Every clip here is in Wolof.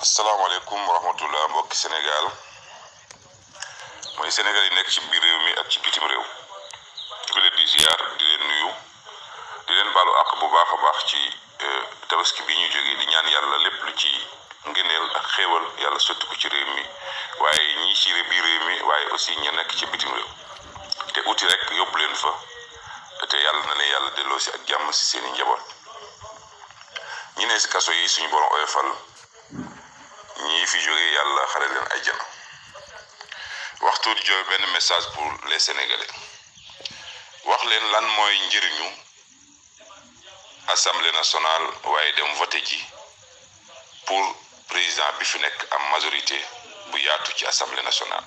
asalaamaaleykum wa rahmatullah mbokki Sénégal mooy Sénégal yi nekk ci biir réew mi ak ci bitim réew ñu ngi di ziar di leen nuyu di leen baalu àq bu baax a baax ci euh, tabaski bi ñu jógee di ñaan yàlla lépp lu ci ngëneel ak xéewal yàlla sotti ko ci réew mi waaye ñi ci biir réew mi waaye aussi ña nekk ci bitim réew te uti rek yóbbu leen fa te yàlla na ne yàlla delloo si ak jàmm ci seen njaboot ñi ne si kaso yi suñu borom oyofal. fi jógee yàlla xare leen ay jana waxtu di benn message pour les sénégalais wax leen lan mooy njëriñu assemblée nationale waaye dem voté ji pour président bi fi nekk am majorité bu yaatu ci assemblée nationale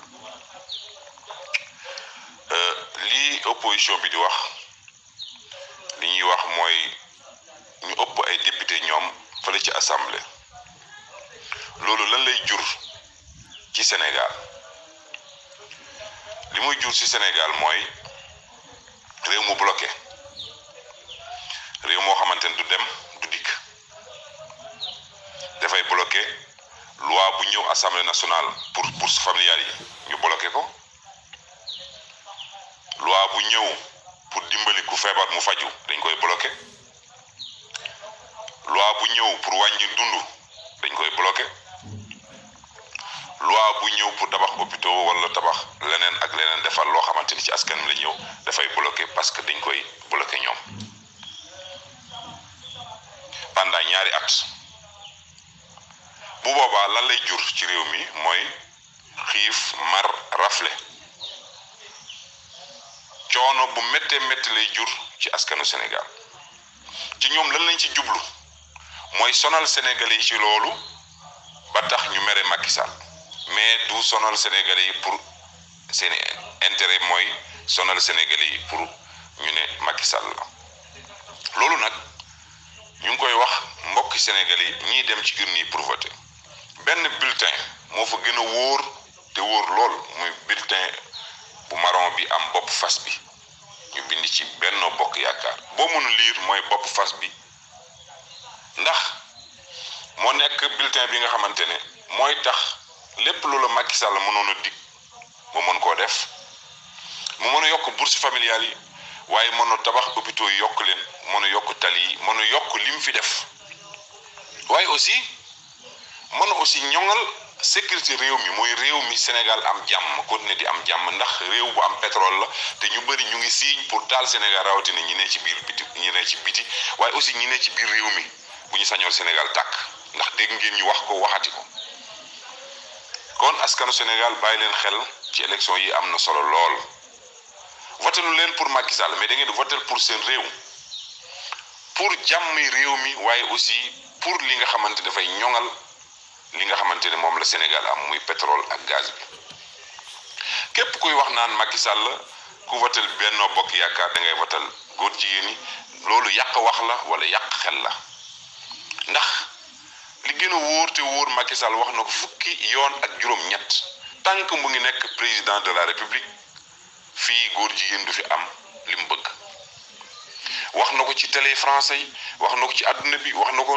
euh, lii opposition bi di wax li ñuy wax mooy ñu ëpp ay député ñoom fële ci assemblée. loolu lan lay jur ci Sénégal li muy jur ci Sénégal mooy réew mu bloqué réew moo xamante ne du dem du dikk dafay bloqué loi bu ñëw assemblée nationale pour bourse familiale yi ñu bloqué ko loi bu ñëw pour dimbali ku feebar mu faju dañ koy bloqué loi bu ñëw pour wàññi dund dañ koy bloqué loi bu ñëw pour tabax hôpitaux wala tabax leneen ak leneen defal loo xamante ni ci askan wi la ñëw dafay bloqué parce que dañ koy bloqué ñoom pendant ñaari at bu boobaa lan lay jur ci réew mi mooy xiif mar rafle coono bu mettee métti lay jur ci askanu senegal ci ñoom lan lañ ci jublu mooy sonal sénégalais yi ci loolu ba tax ñu mere Macky mais du sonal Sénégalais yi pour seen intérêt mooy sonal Sénégalais yi pour ñu ne Macky Sall la loolu nag ñu ngi koy wax mbokki Sénégalais yi ñiy dem ci urne yi pour voter benn bulletin moo fa gën a wóor te wóor lool muy bulletin bu marron bi am bopp fas bi ñu bind ci Benno Bokk Yaakaar boo mënu liir mooy bopp fas bi ndax moo nekk bulletin bi nga xamante ne mooy tax. lépp lu la Macky Sall dig mu mën koo def mu mën a yokk bourse familiale yi waaye mën a tabax hôpitaux yokk leen mën a yokk tali yi mën a yokk lim fi def waaye aussi mën a aussi ñoŋal sécurité réew mi mooy réew mi Sénégal am jàmm ne di am jàmm ndax réew bu am pétrole la te ñu bari ñu ngi siiñ pour taal Sénégal rawatina ñi ne ci biir biti ñi ne ci biti waaye aussi ñi ne ci biir réew mi bu ñu sañool Sénégal tàkk ndax dégg ngeen ñu wax ko waxati ko. kon askanu Sénégal bàyyi leen xel ci élection yi am na solo lool votelu leen pour Macky mais da ngeen di votel pour seen réew pour jàmmi réew mi waaye aussi pour li nga xamante dafay ñoŋal li nga xamante ne moom la Sénégal am muy pétrole ak gaz bi képp kuy wax naan Macky Sall ku votel benn Bokk Yaakaar da ngay votel góor jigéen ñi loolu yàq wax la wala yàq xel la ndax. gën a wóor te wóor Macky Sall wax na ko fukki yoon ak juróom-ñett tant mu ngi nekk président de la république fii góor jigéen du fi am li bëgg. wax na ko ci télé français yi wax na ko ci àdduna bi wax na ko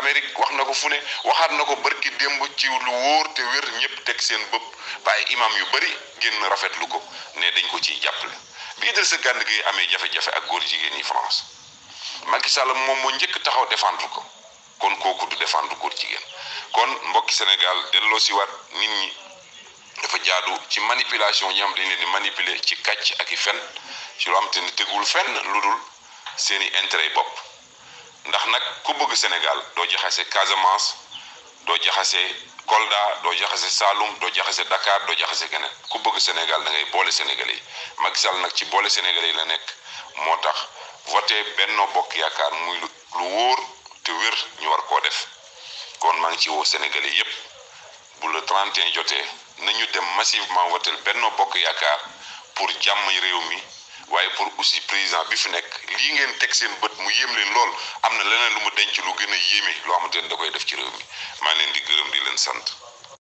Amérique wax na ko fu ne waxaat na ko barki démb ci lu wóor te wér ñëpp teg seen bëpp waaye imam yu bëri génn rafetlu ko ne dañ ko ciy jàppale bi Idrissa Gana Gueye amee jafe-jafe ak góor jigéen yi France Macky Sall moom moo njëkk taxaw défendre ko. kon kooku du défendre góor jigéen kon mbokki Sénégal delloo si waat nit ñi dafa jaadu ci manipulation ñi am dañ leen di manipuler ci kàcc ak i fen ci loo am te ne tegul fenn lu dul seeni intérêt bopp ndax nag ku bëgg Sénégal doo jaxase Casamance doo jaxase Kolda doo jaxase Saloum doo jaxase Dakar doo jaxase keneen ku bëgg Sénégal da ngay boole Sénégalais yi nag ci boole Sénégalais yi nekk moo tax voté Benno Bokk Yaakaar muy lu lu wóor te wér ñu war koo def kon maa ngi ci woo Sénégalais yépp bu le 31 jotee nañu dem massivement woteel benn Bokk Yaakaar pour jàmm réew mi waaye pour aussi président bi fi nekk lii ngeen teg seen bët mu yéem leen lool am na leneen lu mu denc lu gën a yéeme loo xamante ne da koy def ci réew mi maa leen di gërëm di leen sant.